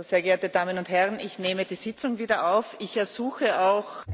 sehr geehrte damen und herren! ich nehme die sitzung wieder auf. ich ersuche auch